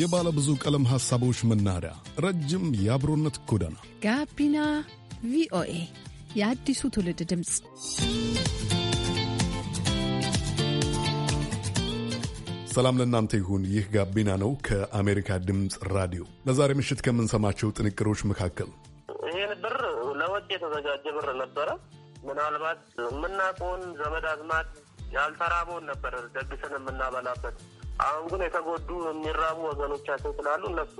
የባለ ብዙ ቀለም ሐሳቦች መናኸሪያ፣ ረጅም የአብሮነት ጎዳና ጋቢና ቪኦኤ የአዲሱ ትውልድ ድምፅ። ሰላም ለእናንተ ይሁን። ይህ ጋቢና ነው ከአሜሪካ ድምፅ ራዲዮ። ለዛሬ ምሽት ከምንሰማቸው ጥንቅሮች መካከል ይህን ብር ለወጪ የተዘጋጀ ብር ነበረ። ምናልባት የምናውቀውን ዘመድ አዝማድ ያልተራበውን ነበር ደግሰን የምናበላበት አሁን ግን የተጎዱ የሚራቡ ወገኖቻችን ስላሉ እነሱ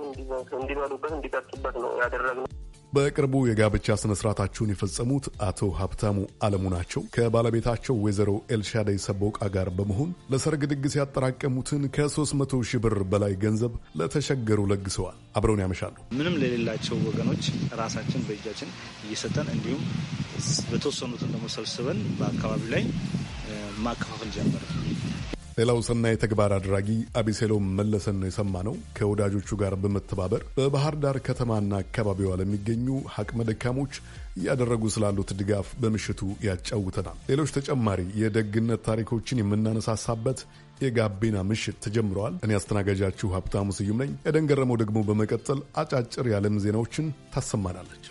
እንዲበሉበት እንዲጠጡበት ነው ያደረግነው። በቅርቡ የጋብቻ ስነ ስርዓታቸውን የፈጸሙት አቶ ሀብታሙ አለሙ ናቸው። ከባለቤታቸው ወይዘሮ ኤልሻዳይ ሰቦቃ ጋር በመሆን ለሰርግ ድግስ ያጠራቀሙትን ከ300 ሺህ ብር በላይ ገንዘብ ለተቸገሩ ለግሰዋል። አብረውን ያመሻሉ። ምንም ለሌላቸው ወገኖች ራሳችን በእጃችን እየሰጠን እንዲሁም በተወሰኑትን ደግሞ ሰብስበን በአካባቢው ላይ ማከፋፈል ጀመር። ሌላው ሰናይ ተግባር አድራጊ አቢሴሎም መለሰን ነው የሰማነው። ከወዳጆቹ ጋር በመተባበር በባህር ዳር ከተማና አካባቢዋ ለሚገኙ አቅመ ደካሞች እያደረጉ ስላሉት ድጋፍ በምሽቱ ያጫውተናል። ሌሎች ተጨማሪ የደግነት ታሪኮችን የምናነሳሳበት የጋቢና ምሽት ተጀምረዋል። እኔ አስተናጋጃችሁ ሀብታሙ ስዩም ነኝ። የደንገረመው ደግሞ በመቀጠል አጫጭር የዓለም ዜናዎችን ታሰማናለች።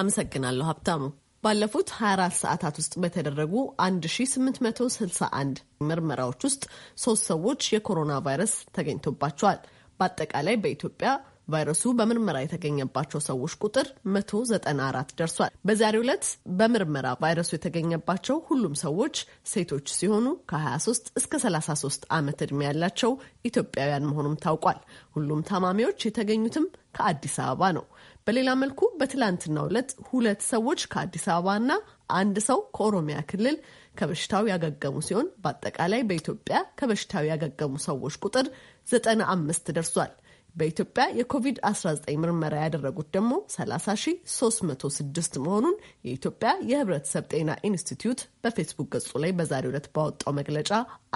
አመሰግናለሁ ሀብታሙ። ባለፉት 24 ሰዓታት ውስጥ በተደረጉ 1861 ምርመራዎች ውስጥ ሶስት ሰዎች የኮሮና ቫይረስ ተገኝቶባቸዋል። በአጠቃላይ በኢትዮጵያ ቫይረሱ በምርመራ የተገኘባቸው ሰዎች ቁጥር 194 ደርሷል። በዛሬው ዕለት በምርመራ ቫይረሱ የተገኘባቸው ሁሉም ሰዎች ሴቶች ሲሆኑ ከ23 እስከ 33 ዓመት ዕድሜ ያላቸው ኢትዮጵያውያን መሆኑም ታውቋል። ሁሉም ታማሚዎች የተገኙትም ከአዲስ አበባ ነው። በሌላ መልኩ በትላንትናው ዕለት ሁለት ሰዎች ከአዲስ አበባና አንድ ሰው ከኦሮሚያ ክልል ከበሽታው ያገገሙ ሲሆን በአጠቃላይ በኢትዮጵያ ከበሽታው ያገገሙ ሰዎች ቁጥር ዘጠና አምስት ደርሷል። በኢትዮጵያ የኮቪድ-19 ምርመራ ያደረጉት ደግሞ 30306 መሆኑን የኢትዮጵያ የሕብረተሰብ ጤና ኢንስቲትዩት በፌስቡክ ገጹ ላይ በዛሬው ዕለት ባወጣው መግለጫ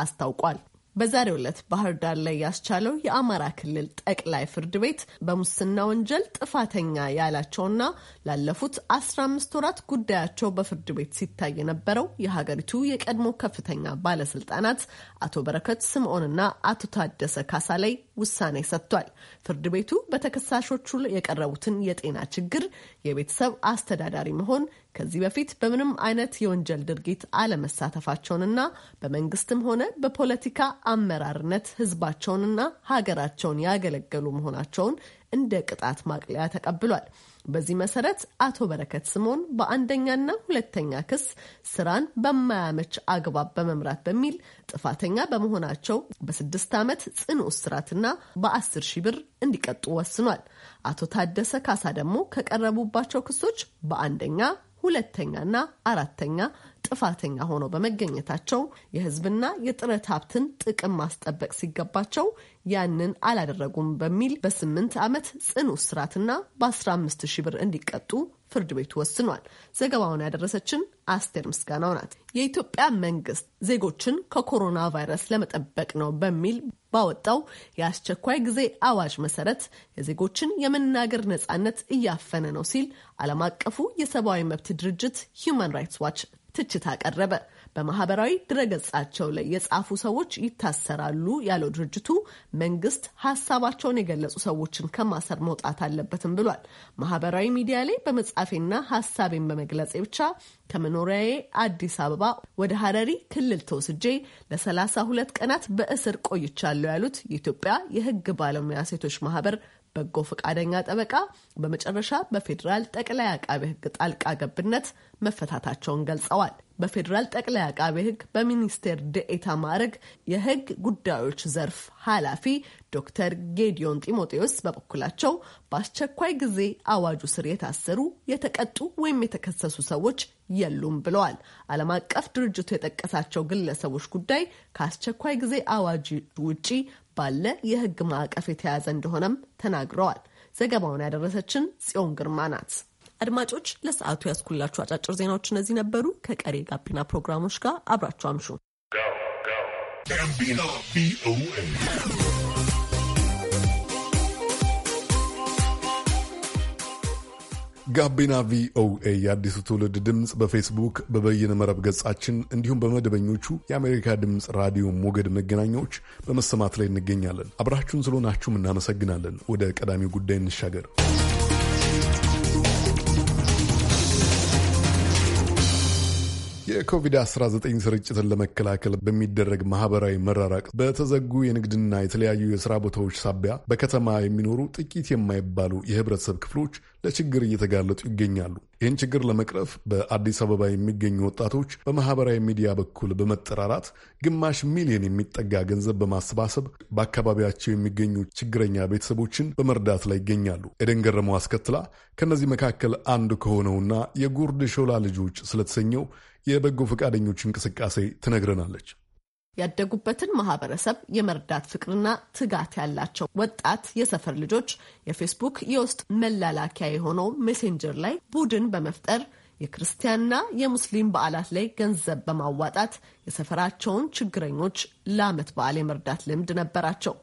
አስታውቋል። በዛሬው ዕለት ባህር ዳር ላይ ያስቻለው የአማራ ክልል ጠቅላይ ፍርድ ቤት በሙስና ወንጀል ጥፋተኛ ያላቸውና ላለፉት 15 ወራት ጉዳያቸው በፍርድ ቤት ሲታይ የነበረው የሀገሪቱ የቀድሞ ከፍተኛ ባለስልጣናት አቶ በረከት ስምዖንና አቶ ታደሰ ካሳ ላይ ውሳኔ ሰጥቷል። ፍርድ ቤቱ በተከሳሾቹ የቀረቡትን የጤና ችግር፣ የቤተሰብ አስተዳዳሪ መሆን፣ ከዚህ በፊት በምንም አይነት የወንጀል ድርጊት አለመሳተፋቸውንና በመንግስትም ሆነ በፖለቲካ አመራርነት ህዝባቸውንና ሀገራቸውን ያገለገሉ መሆናቸውን እንደ ቅጣት ማቅለያ ተቀብሏል። በዚህ መሰረት አቶ በረከት ስምኦን በአንደኛና ሁለተኛ ክስ ስራን በማያመች አግባብ በመምራት በሚል ጥፋተኛ በመሆናቸው በስድስት ዓመት ጽኑ እስራትና በአስር ሺህ ብር እንዲቀጡ ወስኗል። አቶ ታደሰ ካሳ ደግሞ ከቀረቡባቸው ክሶች በአንደኛ ሁለተኛና አራተኛ ጥፋተኛ ሆነው በመገኘታቸው የሕዝብና የጥረት ሀብትን ጥቅም ማስጠበቅ ሲገባቸው ያንን አላደረጉም በሚል በስምንት ዓመት ጽኑ እስራትና በ15 ሺ ብር እንዲቀጡ ፍርድ ቤቱ ወስኗል። ዘገባውን ያደረሰችን አስቴር ምስጋናው ናት። የኢትዮጵያ መንግስት ዜጎችን ከኮሮና ቫይረስ ለመጠበቅ ነው በሚል ባወጣው የአስቸኳይ ጊዜ አዋጅ መሰረት የዜጎችን የመናገር ነጻነት እያፈነ ነው ሲል ዓለም አቀፉ የሰብአዊ መብት ድርጅት ሂዩማን ራይትስ ዋች ትችት አቀረበ። በማህበራዊ ድረገጻቸው ላይ የጻፉ ሰዎች ይታሰራሉ ያለው ድርጅቱ መንግስት ሀሳባቸውን የገለጹ ሰዎችን ከማሰር መውጣት አለበትም ብሏል። ማህበራዊ ሚዲያ ላይ በመጻፌና ሀሳቤን በመግለጼ ብቻ ከመኖሪያዬ አዲስ አበባ ወደ ሀረሪ ክልል ተወስጄ ለሰላሳ ሁለት ቀናት በእስር ቆይቻለሁ ያሉት የኢትዮጵያ የህግ ባለሙያ ሴቶች ማህበር በጎ ፈቃደኛ ጠበቃ በመጨረሻ በፌዴራል ጠቅላይ አቃቤ ህግ ጣልቃ ገብነት መፈታታቸውን ገልጸዋል። በፌዴራል ጠቅላይ አቃቤ ሕግ በሚኒስቴር ደኤታ ማዕረግ የሕግ ጉዳዮች ዘርፍ ኃላፊ ዶክተር ጌዲዮን ጢሞቴዎስ በበኩላቸው በአስቸኳይ ጊዜ አዋጁ ስር የታሰሩ የተቀጡ ወይም የተከሰሱ ሰዎች የሉም ብለዋል። ዓለም አቀፍ ድርጅቱ የጠቀሳቸው ግለሰቦች ጉዳይ ከአስቸኳይ ጊዜ አዋጅ ውጪ ባለ የሕግ ማዕቀፍ የተያዘ እንደሆነም ተናግረዋል። ዘገባውን ያደረሰችን ጽዮን ግርማ ናት። አድማጮች ለሰዓቱ ያስኩላችሁ አጫጭር ዜናዎች እነዚህ ነበሩ። ከቀሪ ጋቢና ፕሮግራሞች ጋር አብራችሁ አምሹ። ጋቢና ቪኦኤ የአዲሱ ትውልድ ድምፅ በፌስቡክ በበይነ መረብ ገጻችን እንዲሁም በመደበኞቹ የአሜሪካ ድምፅ ራዲዮ ሞገድ መገናኛዎች በመሰማት ላይ እንገኛለን። አብራችሁን ስለሆናችሁም እናመሰግናለን። ወደ ቀዳሚው ጉዳይ እንሻገር። የኮቪድ-19 ስርጭትን ለመከላከል በሚደረግ ማህበራዊ መራራቅ በተዘጉ የንግድና የተለያዩ የስራ ቦታዎች ሳቢያ በከተማ የሚኖሩ ጥቂት የማይባሉ የህብረተሰብ ክፍሎች ለችግር እየተጋለጡ ይገኛሉ። ይህን ችግር ለመቅረፍ በአዲስ አበባ የሚገኙ ወጣቶች በማህበራዊ ሚዲያ በኩል በመጠራራት ግማሽ ሚሊዮን የሚጠጋ ገንዘብ በማሰባሰብ በአካባቢያቸው የሚገኙ ችግረኛ ቤተሰቦችን በመርዳት ላይ ይገኛሉ። ኤደን ገረመው አስከትላ ከእነዚህ መካከል አንዱ ከሆነውና የጉርድ ሾላ ልጆች ስለተሰኘው የበጎ ፈቃደኞች እንቅስቃሴ ትነግረናለች። ያደጉበትን ማህበረሰብ የመርዳት ፍቅርና ትጋት ያላቸው ወጣት የሰፈር ልጆች የፌስቡክ የውስጥ መላላኪያ የሆነው ሜሴንጀር ላይ ቡድን በመፍጠር የክርስቲያንና የሙስሊም በዓላት ላይ ገንዘብ በማዋጣት የሰፈራቸውን ችግረኞች ለዓመት በዓል የመርዳት ልምድ ነበራቸው።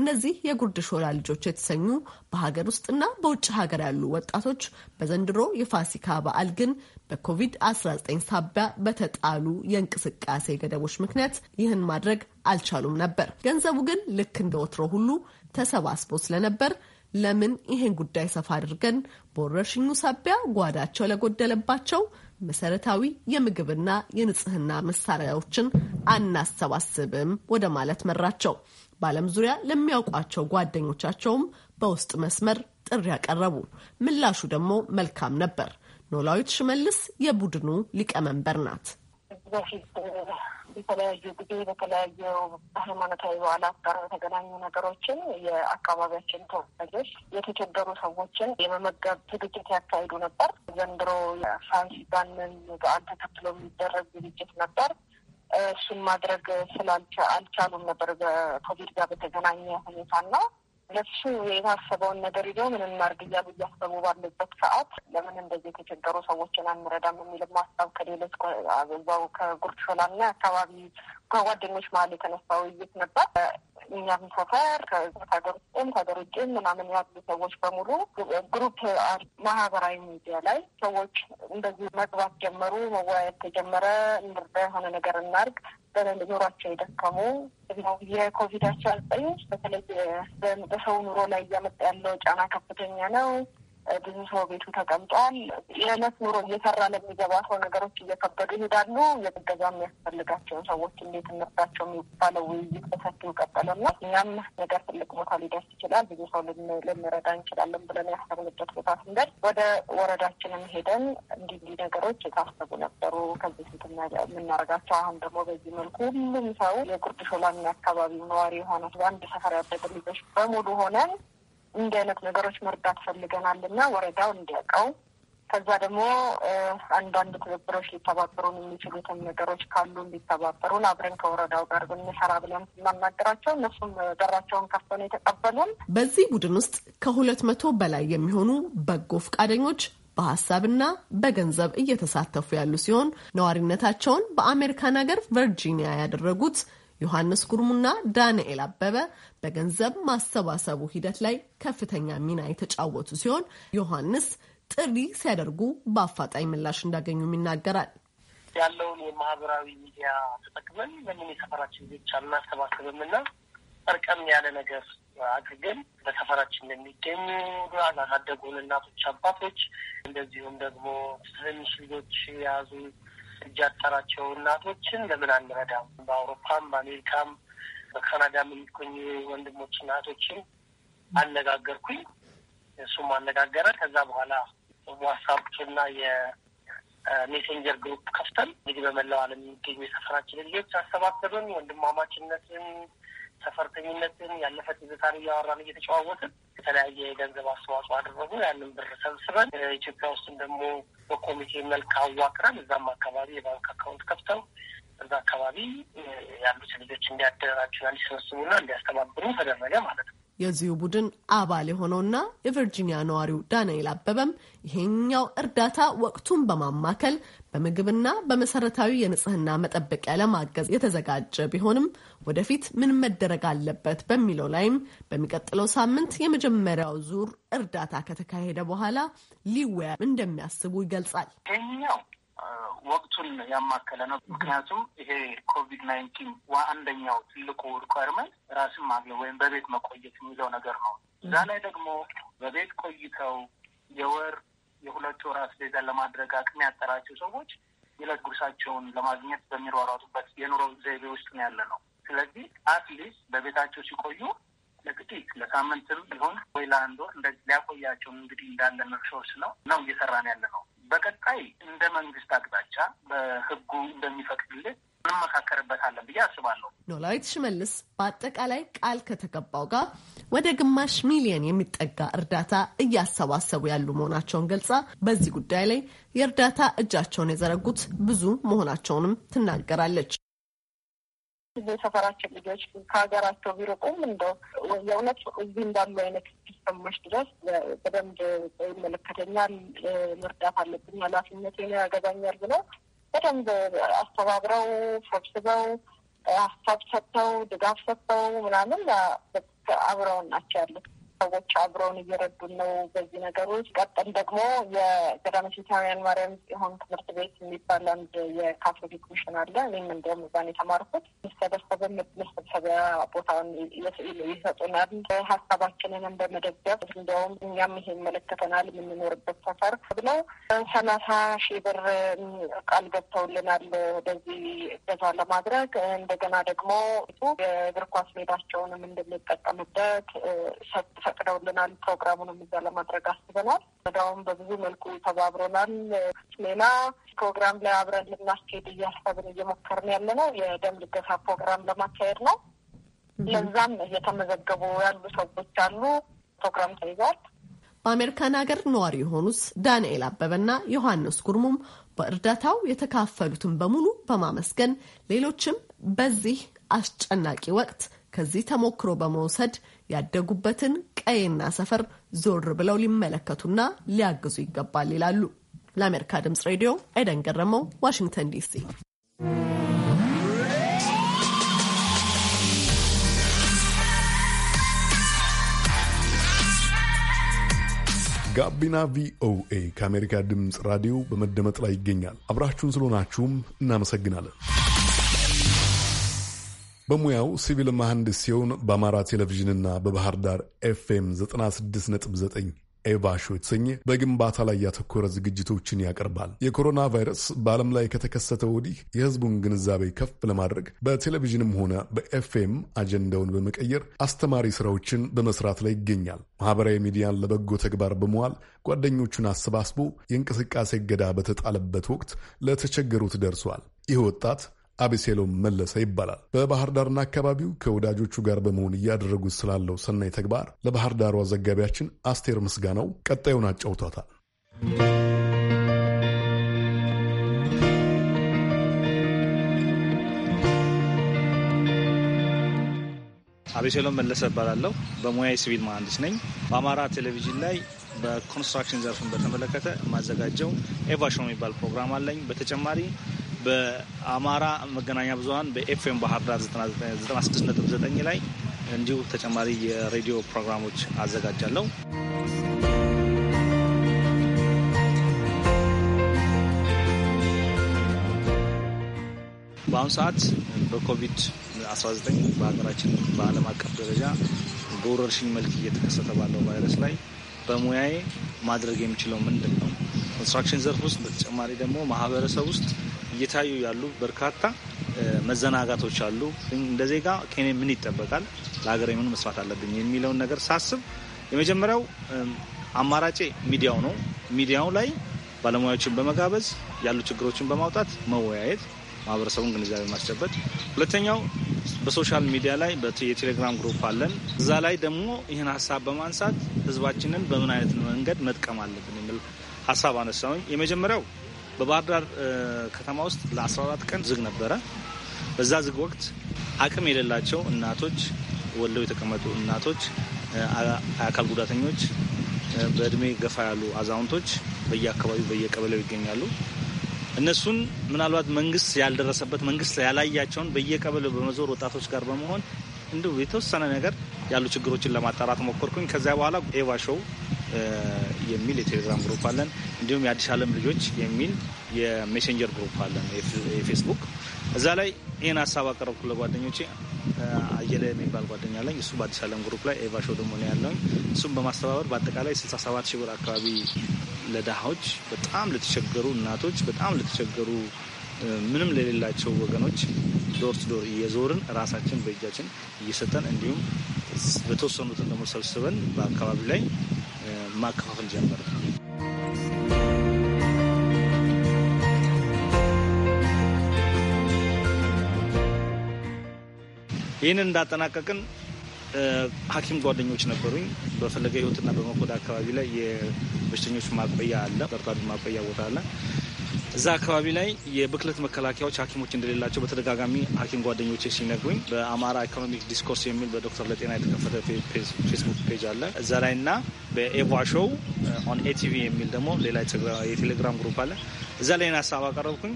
እነዚህ የጉርድ ሾላ ልጆች የተሰኙ በሀገር ውስጥና በውጭ ሀገር ያሉ ወጣቶች በዘንድሮ የፋሲካ በዓል ግን በኮቪድ-19 ሳቢያ በተጣሉ የእንቅስቃሴ ገደቦች ምክንያት ይህን ማድረግ አልቻሉም ነበር። ገንዘቡ ግን ልክ እንደ ወትሮ ሁሉ ተሰባስቦ ስለነበር ለምን ይህን ጉዳይ ሰፋ አድርገን በወረርሽኙ ሳቢያ ጓዳቸው ለጎደለባቸው መሰረታዊ የምግብና የንጽህና መሳሪያዎችን አናሰባስብም ወደ ማለት መራቸው። በዓለም ዙሪያ ለሚያውቋቸው ጓደኞቻቸውም በውስጥ መስመር ጥሪ ያቀረቡ፣ ምላሹ ደግሞ መልካም ነበር። ኖላዊት ሽመልስ የቡድኑ ሊቀመንበር ናት። የተለያዩ ጊዜ በተለያዩ ሃይማኖታዊ በዓላት ጋር የተገናኙ ነገሮችን የአካባቢያችን ተወላጆች የተቸገሩ ሰዎችን የመመገብ ዝግጅት ያካሂዱ ነበር። ዘንድሮ የፋሲካንን በዓል ተከትሎ የሚደረግ ዝግጅት ነበር። እሱን ማድረግ አልቻሉም ነበር በኮቪድ ጋር በተገናኘ ነው። ለሱ የታሰበውን ነገር ይዘው ምንም እናድርግ እያሉ እያሰቡ ባሉበት ሰዓት ለምን እንደዚህ የተቸገሩ ሰዎችን አንረዳም የሚልም ሀሳብ ከሌሎች ዛው ከጉርቾላና አካባቢ ከጓደኞች መሀል የተነሳ ውይይት ነበር። እኛም ሰፈር ከሀገር ውስጥም ከሀገር ውጭም ምናምን ያሉ ሰዎች በሙሉ ግሩፕ ማህበራዊ ሚዲያ ላይ ሰዎች እንደዚህ መግባት ጀመሩ፣ መወያየት ተጀመረ። እንርዳ የሆነ ነገር እናርግ በተለይ ኑሯቸው የደከሙ የኮቪድ አስራ ዘጠኝ በተለይ በሰው ኑሮ ላይ እያመጣ ያለው ጫና ከፍተኛ ነው። ብዙ ሰው ቤቱ ተቀምጧል። የዕለት ኑሮ እየሰራ ለሚገባ ሰው ነገሮች እየከበዱ ይሄዳሉ። የብገዛ የሚያስፈልጋቸውን ሰዎች እንዴት እንርዳቸው የሚባለው ውይይት በሰፊው ቀጠለና እኛም ነገር ትልቅ ቦታ ሊደርስ ይችላል፣ ብዙ ሰው ልንረዳ እንችላለን ብለን ያሰብንበት ቦታ ስንደር ወደ ወረዳችንም ሄደን እንዲህ እንዲህ ነገሮች የታሰቡ ነበሩ ከዚህ ፊት የምናደርጋቸው አሁን ደግሞ በዚህ መልኩ ሁሉም ሰው የጉርድ ሾላሚ አካባቢው ነዋሪ የሆነ በአንድ ሰፈር ያደገ ልጆች በሙሉ ሆነን እንዲህ አይነት ነገሮች መርዳት ፈልገናል እና ወረዳው እንዲያውቀው ከዛ ደግሞ አንዳንድ ትብብሮች ሊተባበሩን የሚችሉትን ነገሮች ካሉ እንዲተባበሩን አብረን ከወረዳው ጋር ብንሰራ ብለን ስናናገራቸው እነሱም በራቸውን ከፍቶ ነው የተቀበሉን። በዚህ ቡድን ውስጥ ከሁለት መቶ በላይ የሚሆኑ በጎ ፈቃደኞች በሀሳብና በገንዘብ እየተሳተፉ ያሉ ሲሆን ነዋሪነታቸውን በአሜሪካን ሀገር ቨርጂኒያ ያደረጉት ዮሐንስ ጉርሙና ዳንኤል አበበ በገንዘብ ማሰባሰቡ ሂደት ላይ ከፍተኛ ሚና የተጫወቱ ሲሆን ዮሐንስ ጥሪ ሲያደርጉ በአፋጣኝ ምላሽ እንዳገኙም ይናገራል። ያለውን የማህበራዊ ሚዲያ ተጠቅመን ለምን የሰፈራችን ልጆች አናሰባስብም እና ጠርቀም ያለ ነገር አድርገን በሰፈራችን ለሚገኙ ያላሳደጉን እናቶች፣ አባቶች እንደዚሁም ደግሞ ትንሽ ልጆች የያዙ እጅ ያጠራቸው እናቶችን ለምን አንረዳም? በአውሮፓም በአሜሪካም በካናዳም የሚገኙ ወንድሞች እናቶችን አነጋገርኩኝ። እሱም አነጋገረ። ከዛ በኋላ ዋትሳፕና የሜሴንጀር ግሩፕ ከፍተን እንግዲህ በመላው ዓለም የሚገኙ የሰፈራችን ልጆች አሰባሰብን። ወንድማማችነትን፣ ሰፈርተኝነትን፣ ያለፈ ትዝታን እያወራን እየተጨዋወትን የተለያየ የገንዘብ አስተዋጽኦ አደረጉ። ያንን ብር ሰብስበን ኢትዮጵያ ውስጥም ደግሞ በኮሚቴ መልክ አዋቅረን እዛም አካባቢ የባንክ አካውንት ከፍተው እዛ አካባቢ ያሉት ልጆች እንዲያደራቸው እንዲሰበስቡና እንዲያስተባብሩ ተደረገ ማለት ነው። የዚሁ ቡድን አባል የሆነውና የቨርጂኒያ ነዋሪው ዳንኤል አበበም ይሄኛው እርዳታ ወቅቱን በማማከል በምግብና በመሰረታዊ የንጽህና መጠበቂያ ለማገዝ የተዘጋጀ ቢሆንም ወደፊት ምን መደረግ አለበት በሚለው ላይም በሚቀጥለው ሳምንት የመጀመሪያው ዙር እርዳታ ከተካሄደ በኋላ ሊወያ እንደሚያስቡ ይገልጻል። ወቅቱን ያማከለ ነው። ምክንያቱም ይሄ ኮቪድ ናይንቲን አንደኛው ትልቁ ሪኳርመንት ራስን ማግኘት ወይም በቤት መቆየት የሚለው ነገር ነው። እዛ ላይ ደግሞ በቤት ቆይተው የወር የሁለት ወር አስቤዛ ለማድረግ አቅም ያጠራቸው ሰዎች የዕለት ጉርሳቸውን ለማግኘት በሚሯሯጡበት የኑሮ ዘይቤ ውስጥ ነው ያለ ነው። ስለዚህ አትሊስት በቤታቸው ሲቆዩ ለግዲህ ለሳምንትም ቢሆን ወይ ለአንድ ወር እንደዚህ ሊያቆያቸው እንግዲህ እንዳለን ሪሶርስ ነው ነው እየሰራን ያለ ነው። በቀጣይ እንደ መንግስት አቅጣጫ በህጉ እንደሚፈቅድልን እንመካከርበታለን ብዬ አስባለሁ። ኖላዊት ሽመልስ በአጠቃላይ ቃል ከተገባው ጋር ወደ ግማሽ ሚሊየን የሚጠጋ እርዳታ እያሰባሰቡ ያሉ መሆናቸውን ገልጻ በዚህ ጉዳይ ላይ የእርዳታ እጃቸውን የዘረጉት ብዙ መሆናቸውንም ትናገራለች። የሰፈራቸው ልጆች ከሀገራቸው ቢርቁም እንደው የእውነት እዚህ እንዳሉ አይነት ሰማች ድረስ በደንብ ይመለከተኛል፣ መርዳት አለብኝ፣ ኃላፊነቴን ያገባኛል ብለው በደንብ አስተባብረው ሰብስበው ሀሳብ ሰጥተው ድጋፍ ሰጥተው ምናምን አብረውን ናቸው ያሉት። ሰዎች አብረውን እየረዱን ነው በዚህ ነገሮች። ቀጥል ደግሞ የገዳመ ሲታውያን ማርያም ጽዮን ትምህርት ቤት የሚባል አንድ የካቶሊክ ሚሽን አለ። እኔም እንደውም እዛን የተማርኩት ሚሰበሰበ መሰብሰቢያ ቦታውን ይሰጡናል። ሀሳባችንንም በመደገፍ እንደውም እኛም ይሄ ይመለከተናል የምንኖርበት ሰፈር ብለው ሰላሳ ሺህ ብር ቃል ገብተውልናል ወደዚህ እገዛ ለማድረግ እንደገና ደግሞ የእግር ኳስ ሜዳቸውንም እንድንጠቀምበት ፈቅደውልናል። ፕሮግራሙንም እዛ ለማድረግ አስበናል። ወዲያውም በብዙ መልኩ ተባብረናል። ሌላ ፕሮግራም ላይ አብረን ልናስኬድ እያሰብን እየሞከርን ያለ ነው የደም ልገሳ ፕሮግራም ለማካሄድ ነው። ለዛም እየተመዘገቡ ያሉ ሰዎች አሉ። ፕሮግራም ተይዟል። በአሜሪካን ሀገር ነዋሪ የሆኑት ዳንኤል አበበና ዮሐንስ ጉርሙም በእርዳታው የተካፈሉትን በሙሉ በማመስገን ሌሎችም በዚህ አስጨናቂ ወቅት ከዚህ ተሞክሮ በመውሰድ ያደጉበትን ቀይና ሰፈር ዞር ብለው ሊመለከቱና ሊያግዙ ይገባል ይላሉ። ለአሜሪካ ድምጽ ሬዲዮ ኤደን ገረመው፣ ዋሽንግተን ዲሲ። ጋቢና ቪኦኤ ከአሜሪካ ድምፅ ራዲዮ በመደመጥ ላይ ይገኛል። አብራችሁን ስለሆናችሁም እናመሰግናለን። በሙያው ሲቪል መሐንዲስ ሲሆን በአማራ ቴሌቪዥንና በባህር ዳር ኤፍኤም 96.9 ኤቫሾ የተሰኘ በግንባታ ላይ ያተኮረ ዝግጅቶችን ያቀርባል። የኮሮና ቫይረስ በዓለም ላይ ከተከሰተ ወዲህ የሕዝቡን ግንዛቤ ከፍ ለማድረግ በቴሌቪዥንም ሆነ በኤፍኤም አጀንዳውን በመቀየር አስተማሪ ስራዎችን በመስራት ላይ ይገኛል። ማህበራዊ ሚዲያን ለበጎ ተግባር በመዋል ጓደኞቹን አሰባስቦ የእንቅስቃሴ እገዳ በተጣለበት ወቅት ለተቸገሩት ደርሷል። ይህ ወጣት አቤሴሎም መለሰ ይባላል። በባህር ዳርና አካባቢው ከወዳጆቹ ጋር በመሆን እያደረጉት ስላለው ሰናይ ተግባር ለባህር ዳሯ ዘጋቢያችን አስቴር ምስጋናው ቀጣዩን አጫውቷታል። አቤሴሎም መለሰ እባላለሁ። በሙያ ሲቪል መሀንዲስ ነኝ። በአማራ ቴሌቪዥን ላይ በኮንስትራክሽን ዘርፍን በተመለከተ የማዘጋጀው ኤቫሾ የሚባል ፕሮግራም አለኝ። በተጨማሪ በአማራ መገናኛ ብዙሀን በኤፍኤም ባህር ዳር 96.9 ላይ እንዲሁ ተጨማሪ የሬዲዮ ፕሮግራሞች አዘጋጃለሁ። በአሁኑ ሰዓት በኮቪድ-19 በሀገራችን በዓለም አቀፍ ደረጃ በወረርሽኝ መልክ እየተከሰተ ባለው ቫይረስ ላይ በሙያዬ ማድረግ የሚችለው ምንድን ነው? ኮንስትራክሽን ዘርፍ ውስጥ በተጨማሪ ደግሞ ማህበረሰብ ውስጥ እየታዩ ያሉ በርካታ መዘናጋቶች አሉ። እንደ ዜጋ ከኔ ምን ይጠበቃል፣ ለሀገር ምን መስራት አለብኝ የሚለውን ነገር ሳስብ የመጀመሪያው አማራጬ ሚዲያው ነው። ሚዲያው ላይ ባለሙያዎችን በመጋበዝ ያሉ ችግሮችን በማውጣት መወያየት፣ ማህበረሰቡን ግንዛቤ ማስጨበጥ። ሁለተኛው በሶሻል ሚዲያ ላይ የቴሌግራም ግሩፕ አለን። እዛ ላይ ደግሞ ይህን ሀሳብ በማንሳት ህዝባችንን በምን አይነት መንገድ መጥቀም አለብን የሚል ሀሳብ አነሳውኝ። የመጀመሪያው በባህር ዳር ከተማ ውስጥ ለ14 ቀን ዝግ ነበረ። በዛ ዝግ ወቅት አቅም የሌላቸው እናቶች፣ ወልደው የተቀመጡ እናቶች፣ አካል ጉዳተኞች፣ በእድሜ ገፋ ያሉ አዛውንቶች በየአካባቢው በየቀበሌው ይገኛሉ። እነሱን ምናልባት መንግስት ያልደረሰበት መንግስት ያላያቸውን በየቀበሌው በመዞር ወጣቶች ጋር በመሆን እንዲሁ የተወሰነ ነገር ያሉ ችግሮችን ለማጣራት ሞከርኩኝ። ከዚያ በኋላ ኤቫ ሾው የሚል የቴሌግራም ግሩፕ አለን። እንዲሁም የአዲስ ዓለም ልጆች የሚል የሜሴንጀር ግሩፕ አለን የፌስቡክ። እዛ ላይ ይህን ሀሳብ አቀረብኩ ለጓደኞቼ። አየለ የሚባል ጓደኛ አለኝ። እሱ በአዲስ ዓለም ግሩፕ ላይ ኤቫሾ ደግሞ ነው ያለውኝ። እሱም በማስተባበር በአጠቃላይ 67 ሺህ ብር አካባቢ ለድሃዎች፣ በጣም ለተቸገሩ እናቶች፣ በጣም ለተቸገሩ ምንም ለሌላቸው ወገኖች ዶር ቱ ዶር እየዞርን ራሳችን በእጃችን እየሰጠን እንዲሁም በተወሰኑትን ደግሞ ሰብስበን በአካባቢ ላይ ማከፋፈል ጀመር። ይህንን እንዳጠናቀቅን ሐኪም ጓደኞች ነበሩኝ። በፈለገ ህይወትና በመቆዳ አካባቢ ላይ የበሽተኞች ማቆያ አለ፣ ጠርጣሪ ማቆያ ቦታ አለ። እዛ አካባቢ ላይ የብክለት መከላከያዎች ሐኪሞች እንደሌላቸው በተደጋጋሚ ሐኪም ጓደኞች ሲነግሩኝ በአማራ ኢኮኖሚክ ዲስኮርስ የሚል በዶክተር ለጤና የተከፈተ ፌስቡክ ፔጅ አለ። እዛ ላይ እና በኤቫ ሾው ኦን ኤቲቪ የሚል ደግሞ ሌላ የቴሌግራም ግሩፕ አለ። እዛ ላይ ሀሳብ አቀረብኩኝ።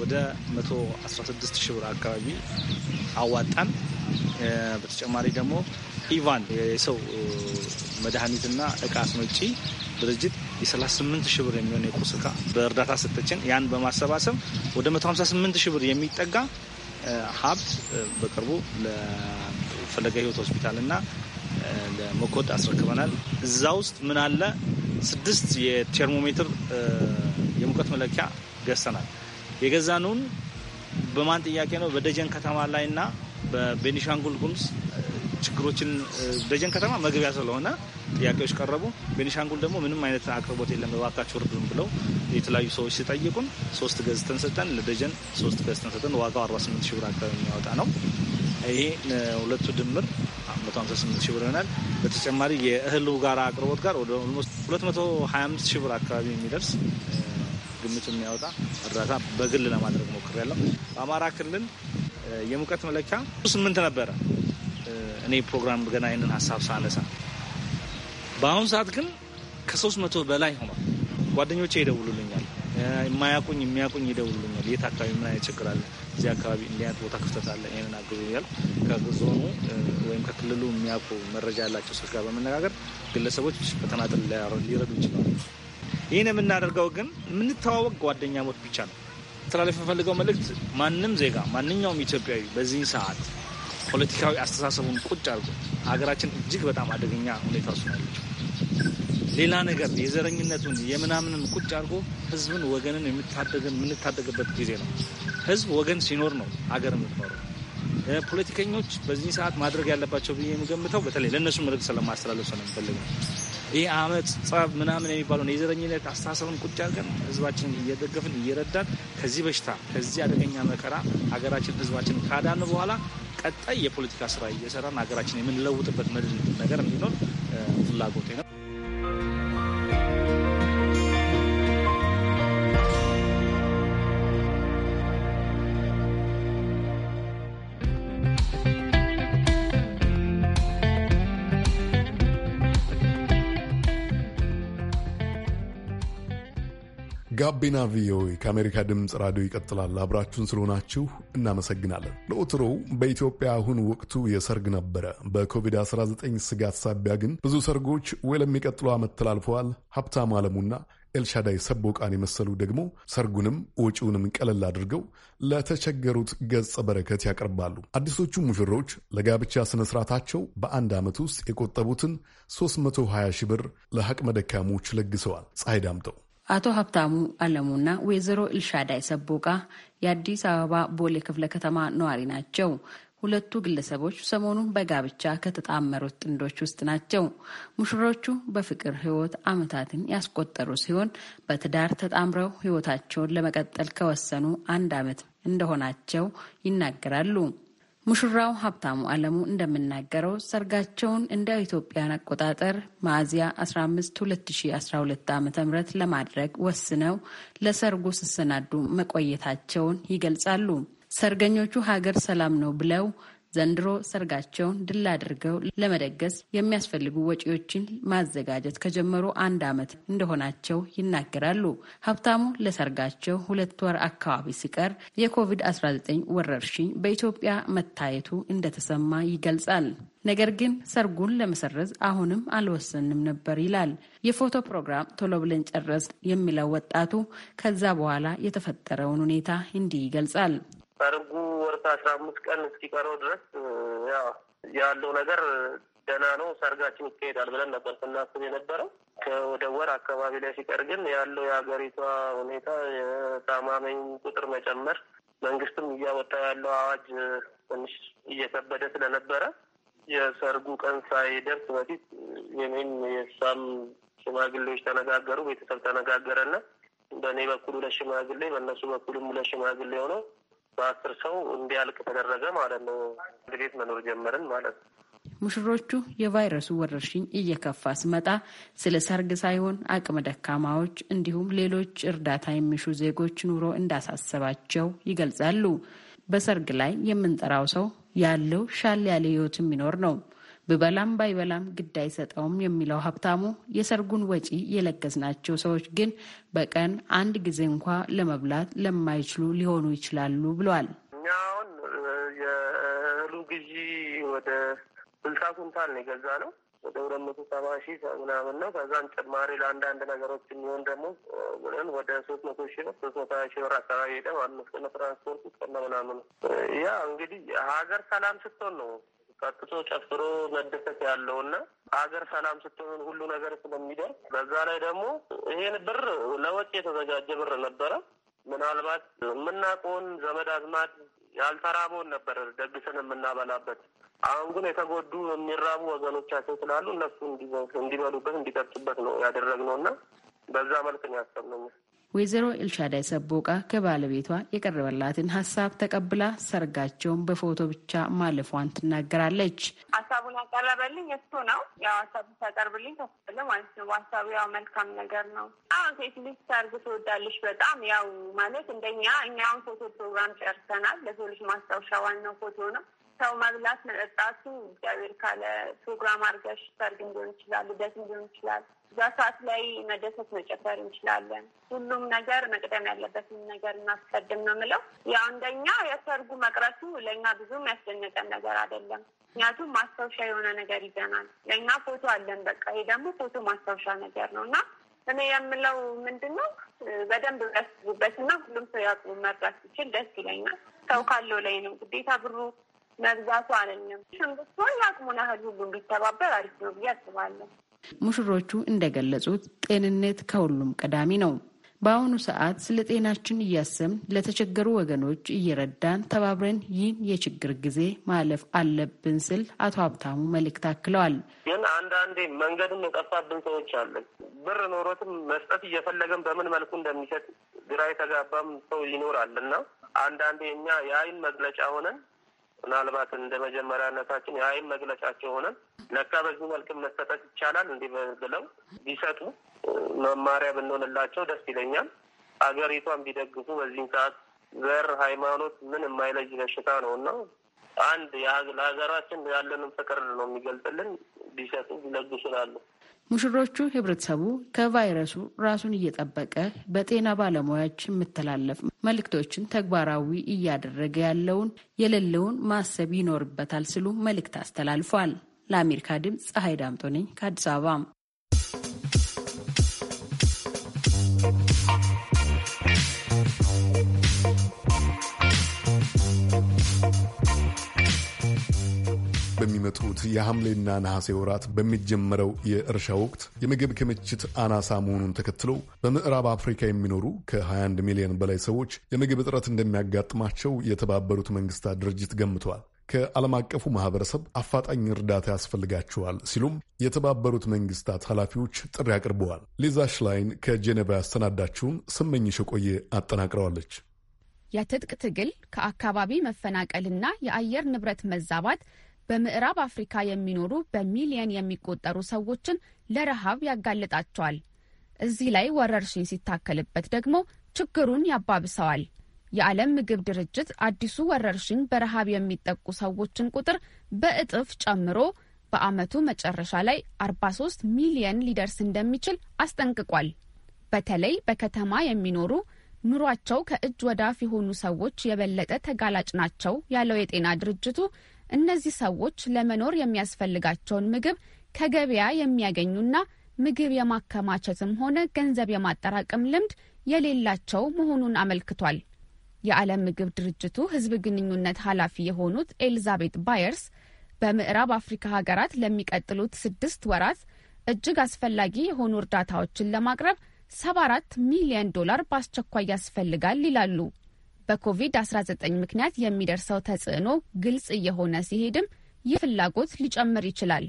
ወደ 116 ሺ ብር አካባቢ አዋጣን። በተጨማሪ ደግሞ ኢቫን የሰው መድኃኒትና እቃ አስመጪ ድርጅት የ38 ሺህ ብር የሚሆን የቁስ እቃ በእርዳታ ስትችን ያን በማሰባሰብ ወደ 158 ሺህ ብር የሚጠጋ ሀብት በቅርቡ ለፈለገ ሆስፒታል ሆስፒታልና ለመኮድ አስረክበናል። እዛ ውስጥ ምን አለ ስድስት የቴርሞሜትር የሙቀት መለኪያ ገዝተናል። የገዛነውን በማን ጥያቄ ነው? በደጀን ከተማ ላይና በቤኒሻንጉል ጉሙዝ ችግሮችን ደጀን ከተማ መግቢያ ስለሆነ ጥያቄዎች ቀረቡ። ቤኒሻንጉል ደግሞ ምንም አይነት አቅርቦት የለም እባካችሁ እርዱን ብለው የተለያዩ ሰዎች ሲጠይቁን ሶስት ገዝተን ሰጠን። ለደጀን ሶስት ገዝተን ሰጠን። ዋጋው 48 ሺህ ብር አካባቢ የሚያወጣ ነው። ይሄ ሁለቱ ድምር 158 ሺህ ብር ይሆናል። በተጨማሪ የእህሉ ጋር አቅርቦት ጋር ወደ ኦልሞስት 225 ሺህ ብር አካባቢ የሚደርስ ግምት የሚያወጣ እርዳታ በግል ለማድረግ ሞክሬያለሁ። በአማራ ክልል የሙቀት መለኪያ ስምንት ነበረ። እኔ ፕሮግራም ገና ይህንን ሀሳብ ሳነሳ በአሁኑ ሰዓት ግን ከሶስት መቶ በላይ ሆኗል። ጓደኞቼ ይደውሉልኛል። የማያቁኝ የሚያቁኝ ይደውሉልኛል። የት አካባቢ ምን አይነት ችግር አለ፣ እዚህ አካባቢ እንዲህ አይነት ቦታ ክፍተት አለ፣ ይህንን አግዙ እያል ከዞኑ ወይም ከክልሉ የሚያውቁ መረጃ ያላቸው ሰዎች ጋር በመነጋገር ግለሰቦች በተናጠል ሊረዱ ይችላሉ። ይህን የምናደርገው ግን የምንተዋወቅ ሞት ብቻ ነው። ተላለፍ የምፈልገው መልእክት ማንም ዜጋ ማንኛውም ኢትዮጵያዊ በዚህ ሰዓት ፖለቲካዊ አስተሳሰቡን ቁጭ አድርጎ ሀገራችን እጅግ በጣም አደገኛ ሁኔታ ውስጥ ያለችው። ሌላ ነገር የዘረኝነቱን የምናምንን ቁጭ አድርጎ ህዝብን ወገንን የምንታደግበት ጊዜ ነው። ህዝብ ወገን ሲኖር ነው ሀገር የምትኖረው። ፖለቲከኞች በዚህ ሰዓት ማድረግ ያለባቸው ብዬ የምገምተው በተለይ ለእነሱ መልዕክት ስለማስተላለፍ ስለምፈልግ ነው። ይህ አመፅ፣ ጸብ፣ ምናምን የሚባለውን የዘረኝነት አስተሳሰብን ቁጭ አድርገን ህዝባችንን እየደገፍን እየረዳን ከዚህ በሽታ ከዚህ አደገኛ መከራ ሀገራችን ህዝባችን ካዳን በኋላ ቀጣይ የፖለቲካ ስራ እየሰራን ሀገራችን የምንለውጥበት ነገር እንዲኖር ፍላጎቴ ነው። ጋቢና ቪኦኤ ከአሜሪካ ድምፅ ራዲዮ ይቀጥላል። አብራችሁን ስለሆናችሁ እናመሰግናለን። ለወትሮው በኢትዮጵያ አሁን ወቅቱ የሰርግ ነበረ። በኮቪድ-19 ስጋት ሳቢያ ግን ብዙ ሰርጎች ወይ ለሚቀጥለው ዓመት ተላልፈዋል። ሀብታሙ አለሙና ኤልሻዳይ ሰቦቃን የመሰሉ ደግሞ ሰርጉንም ወጪውንም ቀለል አድርገው ለተቸገሩት ገጸ በረከት ያቀርባሉ። አዲሶቹ ሙሽሮች ለጋብቻ ስነ ስርዓታቸው በአንድ ዓመት ውስጥ የቆጠቡትን 320 ሺህ ብር ለአቅመ ደካሞች ለግሰዋል። ፀሐይ ዳምጠው አቶ ሀብታሙ አለሙና ወይዘሮ እልሻዳይ ሰቦቃ የአዲስ አበባ ቦሌ ክፍለ ከተማ ነዋሪ ናቸው። ሁለቱ ግለሰቦች ሰሞኑን በጋብቻ ከተጣመሩት ጥንዶች ውስጥ ናቸው። ሙሽሮቹ በፍቅር ሕይወት ዓመታትን ያስቆጠሩ ሲሆን በትዳር ተጣምረው ሕይወታቸውን ለመቀጠል ከወሰኑ አንድ ዓመት እንደሆናቸው ይናገራሉ። ሙሽራው ሀብታሙ አለሙ እንደሚናገረው ሰርጋቸውን እንደ ኢትዮጵያን አቆጣጠር ሚያዝያ 15 2012 ዓ ም ለማድረግ ወስነው ለሰርጉ ስሰናዱ መቆየታቸውን ይገልጻሉ። ሰርገኞቹ ሀገር ሰላም ነው ብለው ዘንድሮ ሰርጋቸውን ድል አድርገው ለመደገስ የሚያስፈልጉ ወጪዎችን ማዘጋጀት ከጀመሩ አንድ ዓመት እንደሆናቸው ይናገራሉ። ሀብታሙ ለሰርጋቸው ሁለት ወር አካባቢ ሲቀር የኮቪድ-19 ወረርሽኝ በኢትዮጵያ መታየቱ እንደተሰማ ይገልጻል። ነገር ግን ሰርጉን ለመሰረዝ አሁንም አልወሰንም ነበር ይላል። የፎቶ ፕሮግራም ቶሎ ብለን ጨረስ የሚለው ወጣቱ ከዛ በኋላ የተፈጠረውን ሁኔታ እንዲህ ይገልጻል። ሰርጉ ወርታ አስራ አምስት ቀን እስኪቀረው ድረስ ያው ያለው ነገር ደህና ነው፣ ሰርጋችን ይካሄዳል ብለን ነበር ስናስብ የነበረው። ከወደ ወር አካባቢ ላይ ሲቀር ግን ያለው የሀገሪቷ ሁኔታ የታማሚኝ ቁጥር መጨመር፣ መንግስትም እያወጣ ያለው አዋጅ ትንሽ እየከበደ ስለነበረ የሰርጉ ቀን ሳይደርስ በፊት የኔም የሳም ሽማግሌዎች ተነጋገሩ፣ ቤተሰብ ተነጋገረና በእኔ በኩል ሁለት ሽማግሌ በእነሱ በኩልም ሁለት ሽማግሌ ሆነው በአስር ሰው እንዲያልቅ ተደረገ ማለት ነው። ቤት መኖር ጀመርን ማለት ነው። ሙሽሮቹ የቫይረሱ ወረርሽኝ እየከፋ ሲመጣ ስለ ሰርግ ሳይሆን አቅመ ደካማዎች እንዲሁም ሌሎች እርዳታ የሚሹ ዜጎች ኑሮ እንዳሳሰባቸው ይገልጻሉ። በሰርግ ላይ የምንጠራው ሰው ያለው ሻል ያለ ሕይወት የሚኖር ነው። ብበላም ባይበላም ግድ አይሰጠውም የሚለው ሀብታሙ የሰርጉን ወጪ የለገስናቸው ሰዎች ግን በቀን አንድ ጊዜ እንኳ ለመብላት ለማይችሉ ሊሆኑ ይችላሉ ብለዋል። እኛ አሁን የእህሉ ግዢ ወደ ስልሳ ኩንታል ነው የገዛ ነው ወደ ሁለት መቶ ሰባ ሺህ ምናምን ነው። ከዛም ጭማሪ ለአንዳንድ ነገሮች የሚሆን ደግሞ ብለን ወደ ሶስት መቶ ሺህ ነው ሶስት መቶ ሀያ ሺህ ብር አካባቢ ሄደ ማለት ነው። ለትራንስፖርት ውስጥ ምናምን ነው ያ እንግዲህ ሀገር ሰላም ስትሆን ነው ጠጥቶ ጨፍሮ መደሰት ያለው እና አገር ሰላም ስትሆን ሁሉ ነገር ስለሚደርስ በዛ ላይ ደግሞ ይሄን ብር ለወጪ የተዘጋጀ ብር ነበረ። ምናልባት የምናውቀውን ዘመድ አዝማድ ያልተራበውን ነበረ ደግሰን የምናበላበት። አሁን ግን የተጎዱ የሚራቡ ወገኖቻቸው ስላሉ እነሱ እንዲበሉበት እንዲጠጡበት ነው ያደረግነው እና በዛ መልክ ነው ያሰብነው። ወይዘሮ ኤልሻዳይ ሰቦቃ ከባለቤቷ የቀረበላትን ሀሳብ ተቀብላ ሰርጋቸውን በፎቶ ብቻ ማለፏን ትናገራለች። ሀሳቡን ያቀረበልኝ እሱ ነው። ያው ሀሳቡ ሲያቀርብልኝ ተስለ ማለት ነው። ሀሳቡ ያው መልካም ነገር ነው። አሁን ሴት ልጅ ሰርግ ትወዳለች በጣም ያው ማለት እንደኛ እኛውን ፎቶ ፕሮግራም ጨርሰናል። ለሰው ልጅ ማስታወሻ ዋናው ፎቶ ነው። ሰው መብላት መጠጣቱ እግዚአብሔር ካለ ፕሮግራም አድርገሽ ሰርግ እንዲሆን ይችላል፣ ልደት እንዲሆን ይችላል እዛ ሰዓት ላይ መደሰት መጨፈር እንችላለን። ሁሉም ነገር መቅደም ያለበትን ነገር እናስቀድም ነው ምለው። ያው እንደኛ የሰርጉ መቅረቱ ለእኛ ብዙም ያስደነቀን ነገር አይደለም። ምክንያቱም ማስታወሻ የሆነ ነገር ይዘናል። ለእኛ ፎቶ አለን። በቃ ይሄ ደግሞ ፎቶ ማስታወሻ ነገር ነው እና እኔ የምለው ምንድን ነው በደንብ ያስቡበት እና ሁሉም ሰው ያውቁ መርዳት ሲችል ደስ ይለኛል። ሰው ካለው ላይ ነው ግዴታ ብሩ መግዛቱ አለኝም ሽም ያቅሙን ያህል ሁሉም ቢተባበር አሪፍ ነው ብዬ አስባለሁ። ሙሽሮቹ እንደገለጹት ጤንነት ከሁሉም ቀዳሚ ነው። በአሁኑ ሰዓት ስለ ጤናችን እያሰብን ለተቸገሩ ወገኖች እየረዳን ተባብረን ይህን የችግር ጊዜ ማለፍ አለብን ስል አቶ ሀብታሙ መልእክት አክለዋል። ግን አንዳንዴ መንገድም የጠፋብን ሰዎች አለን። ብር ኖሮትም መስጠት እየፈለገን በምን መልኩ እንደሚሰጥ ግራ የተጋባም ሰው ይኖራል አንዳንዴ እኛ የአይን መግለጫ ሆነን ምናልባት እንደ መጀመሪያነታችን የአይን መግለጫቸው ሆነን ለካ በዚህ መልክም መሰጠት ይቻላል እንዲህ ብለው ቢሰጡ መማሪያ ብንሆንላቸው ደስ ይለኛል። ሀገሪቷን ቢደግፉ በዚህም ሰዓት ዘር፣ ሃይማኖት ምን የማይለይ በሽታ ነው እና አንድ ለሀገራችን ያለንን ፍቅር ነው የሚገልጽልን። ቢሰጡ ቢለግሱ ሙሽሮቹ ህብረተሰቡ ከቫይረሱ ራሱን እየጠበቀ በጤና ባለሙያዎች የምተላለፍ መልእክቶችን ተግባራዊ እያደረገ ያለውን የሌለውን ማሰብ ይኖርበታል ሲሉ መልእክት አስተላልፏል። ለአሜሪካ ድምፅ ፀሐይ ዳምጦ ነኝ ከአዲስ አበባ። በሚመጡት የሐምሌና ነሐሴ ወራት በሚጀመረው የእርሻ ወቅት የምግብ ክምችት አናሳ መሆኑን ተከትሎ በምዕራብ አፍሪካ የሚኖሩ ከ21 ሚሊዮን በላይ ሰዎች የምግብ እጥረት እንደሚያጋጥማቸው የተባበሩት መንግስታት ድርጅት ገምቷል። ከዓለም አቀፉ ማህበረሰብ አፋጣኝ እርዳታ ያስፈልጋቸዋል ሲሉም የተባበሩት መንግስታት ኃላፊዎች ጥሪ አቅርበዋል። ሊዛ ሽላይን ከጄኔቫ ያሰናዳችውን ስመኝሽ ቆየ አጠናቅረዋለች። የትጥቅ ትግል ከአካባቢ መፈናቀልና የአየር ንብረት መዛባት በምዕራብ አፍሪካ የሚኖሩ በሚሊየን የሚቆጠሩ ሰዎችን ለረሃብ ያጋልጣቸዋል። እዚህ ላይ ወረርሽኝ ሲታከልበት ደግሞ ችግሩን ያባብሰዋል። የዓለም ምግብ ድርጅት አዲሱ ወረርሽኝ በረሃብ የሚጠቁ ሰዎችን ቁጥር በእጥፍ ጨምሮ በዓመቱ መጨረሻ ላይ 43 ሚሊየን ሊደርስ እንደሚችል አስጠንቅቋል። በተለይ በከተማ የሚኖሩ ኑሯቸው ከእጅ ወዳፍ የሆኑ ሰዎች የበለጠ ተጋላጭ ናቸው ያለው የጤና ድርጅቱ እነዚህ ሰዎች ለመኖር የሚያስፈልጋቸውን ምግብ ከገበያ የሚያገኙና ምግብ የማከማቸትም ሆነ ገንዘብ የማጠራቀም ልምድ የሌላቸው መሆኑን አመልክቷል። የዓለም ምግብ ድርጅቱ ሕዝብ ግንኙነት ኃላፊ የሆኑት ኤልዛቤት ባየርስ በምዕራብ አፍሪካ ሀገራት ለሚቀጥሉት ስድስት ወራት እጅግ አስፈላጊ የሆኑ እርዳታዎችን ለማቅረብ 74 ሚሊዮን ሚሊየን ዶላር በአስቸኳይ ያስፈልጋል ይላሉ። በኮቪድ-19 ምክንያት የሚደርሰው ተጽዕኖ ግልጽ እየሆነ ሲሄድም ይህ ፍላጎት ሊጨምር ይችላል።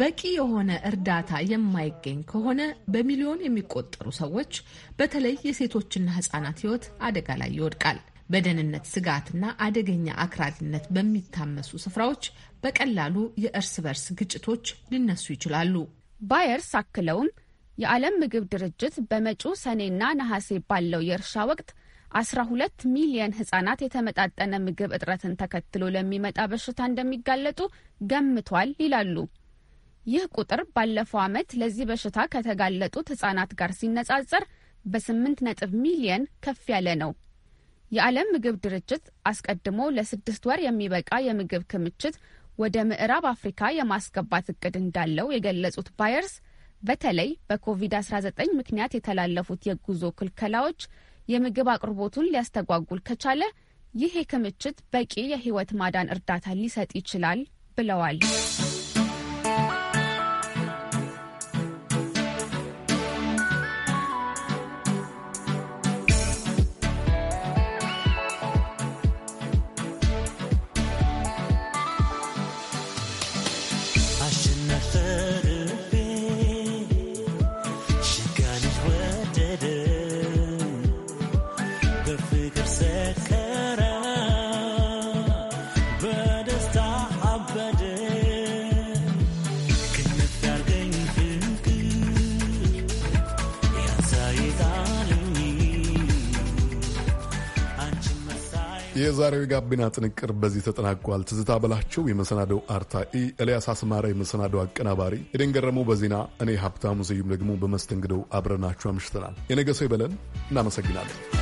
በቂ የሆነ እርዳታ የማይገኝ ከሆነ በሚሊዮን የሚቆጠሩ ሰዎች በተለይ የሴቶችና ህጻናት ህይወት አደጋ ላይ ይወድቃል። በደህንነት ስጋትና አደገኛ አክራሪነት በሚታመሱ ስፍራዎች በቀላሉ የእርስ በርስ ግጭቶች ሊነሱ ይችላሉ። ባየርስ አክለውም የዓለም ምግብ ድርጅት በመጪው ሰኔና ነሐሴ ባለው የእርሻ ወቅት 12 ሚሊየን ህጻናት የተመጣጠነ ምግብ እጥረትን ተከትሎ ለሚመጣ በሽታ እንደሚጋለጡ ገምቷል ይላሉ። ይህ ቁጥር ባለፈው ዓመት ለዚህ በሽታ ከተጋለጡት ህጻናት ጋር ሲነጻጸር በ8 ነጥብ ሚሊየን ከፍ ያለ ነው። የዓለም ምግብ ድርጅት አስቀድሞ ለስድስት ወር የሚበቃ የምግብ ክምችት ወደ ምዕራብ አፍሪካ የማስገባት እቅድ እንዳለው የገለጹት ባየርስ በተለይ በኮቪድ-19 ምክንያት የተላለፉት የጉዞ ክልከላዎች የምግብ አቅርቦቱን ሊያስተጓጉል ከቻለ ይህ ክምችት በቂ የህይወት ማዳን እርዳታ ሊሰጥ ይችላል ብለዋል። የዛሬው የጋቢና ጥንቅር በዚህ ተጠናቋል። ትዝታ በላቸው የመሰናዶው አርታኢ፣ ኤልያስ አስማራ የመሰናደው አቀናባሪ፣ የደንገረመው በዜና እኔ ሀብታሙ ስዩም ደግሞ በመስተንግደው አብረናችሁ አምሽተናል። የነገ ሰው ይበለን። እናመሰግናለን።